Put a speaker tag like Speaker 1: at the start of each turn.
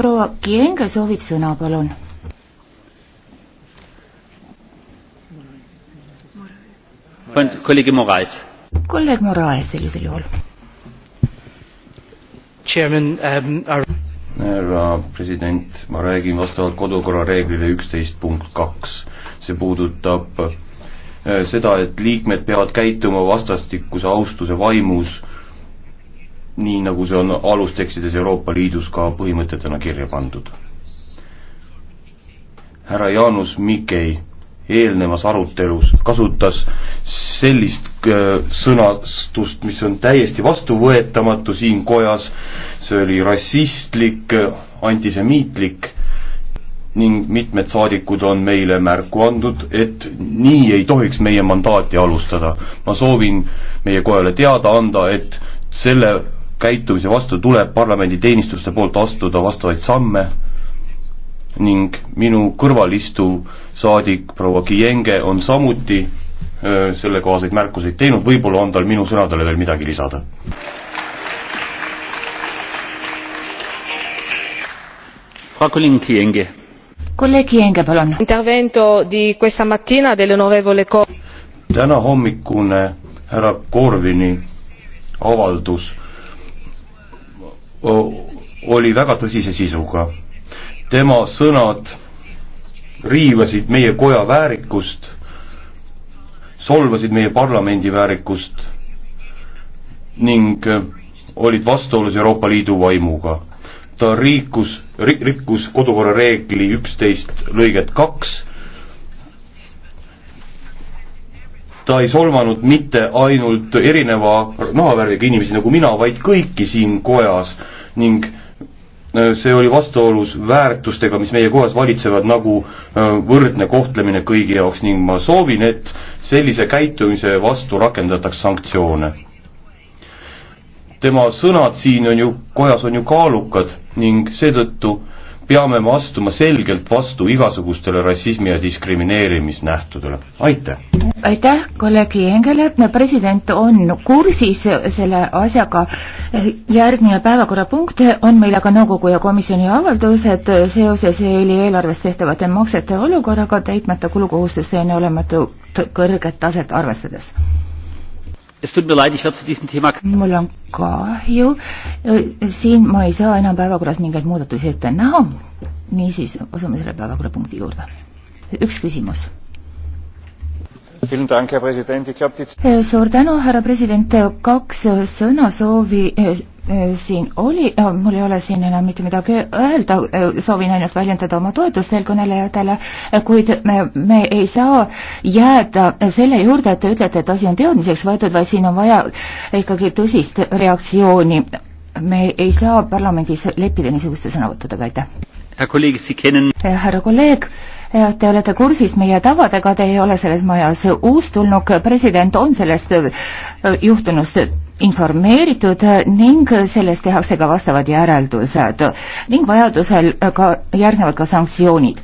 Speaker 1: proua Kienge soovib sõna, palun.
Speaker 2: kolleeg Moraes.
Speaker 1: kolleeg Moraes sellisel juhul.
Speaker 2: Chairman um,, our härra president, ma räägin vastavalt kodukorra reeglile üksteist punkt kaks. see puudutab äh, seda, et liikmed peavad käituma vastastikuse austuse vaimus nii nagu see on alustekstides Euroopa Liidus ka põhimõtetena kirja pandud. härra Jaanus Mikei eelnevas arutelus kasutas sellist äh, sõnastust, mis on täiesti vastuvõetamatu siin kojas, see oli rassistlik, äh, antisemiitlik ning mitmed saadikud on meile märku andnud, et nii ei tohiks meie mandaati alustada. ma soovin meie kojale teada anda, et selle käitumise vastu tuleb parlamendi teenistuste poolt astuda vastavaid samme ning minu kõrval istuv saadik proua Kiienge on samuti sellekohaseid märkuseid teinud, võib-olla on tal minu sõnadele veel midagi lisada.
Speaker 1: kolleeg Kiienge, palun.
Speaker 2: tänahommikune härra Korvini avaldus oli väga tõsise sisuga. tema sõnad riivasid meie koja väärikust, solvasid meie parlamendi väärikust ning eh, olid vastuolus Euroopa Liidu vaimuga. ta riikus ri,, rikkus kodukorra reegli üksteist lõiget kaks ta ei solvanud mitte ainult erineva nahavärviga inimesi nagu mina, vaid kõiki siin kojas ning äh, see oli vastuolus väärtustega, mis meie kohas valitsevad, nagu äh, võrdne kohtlemine kõigi jaoks ning ma soovin, et sellise käitumise vastu rakendataks sanktsioone. tema sõnad siin on ju, kojas on ju kaalukad ning seetõttu peame me astuma selgelt vastu igasugustele rassismi ja diskrimineerimisnähtudele. aitäh!
Speaker 1: aitäh kolleeg Liengele, president on kursis selle asjaga. järgmine päevakorrapunkt on meil aga nõukogu ja komisjoni avaldused seoses EL-i eelarves tehtavate maksete olukorraga täitmata kulukohustuste enneolematut kõrget taset arvestades. mul on kahju, siin ma ei saa enam päevakorras mingeid muudatusi ette näha. niisiis, asume selle päevakorrapunkti juurde. üks küsimus Äh, suur tänu, härra president, äh, kaks äh, sõnasoovi siin oli, mul ei ole siin enam mitte midagi öelda, soovin ainult väljendada oma toetust eelkõnelejatele, kuid me, me ei saa jääda selle juurde, et te ütlete, et asi on teadmiseks võetud, vaid siin on vaja ikkagi tõsist reaktsiooni. me ei saa parlamendis leppida niisuguste sõnavõttudega, aitäh! Eh, härra kolleeg, eh, te olete kursis meie tavadega, te ei ole selles majas uustulnuk, president on sellest eh, juhtunust informeeritud ning sellest tehakse ka vastavad järeldused ning vajadusel ka järgnevad ka sanktsioonid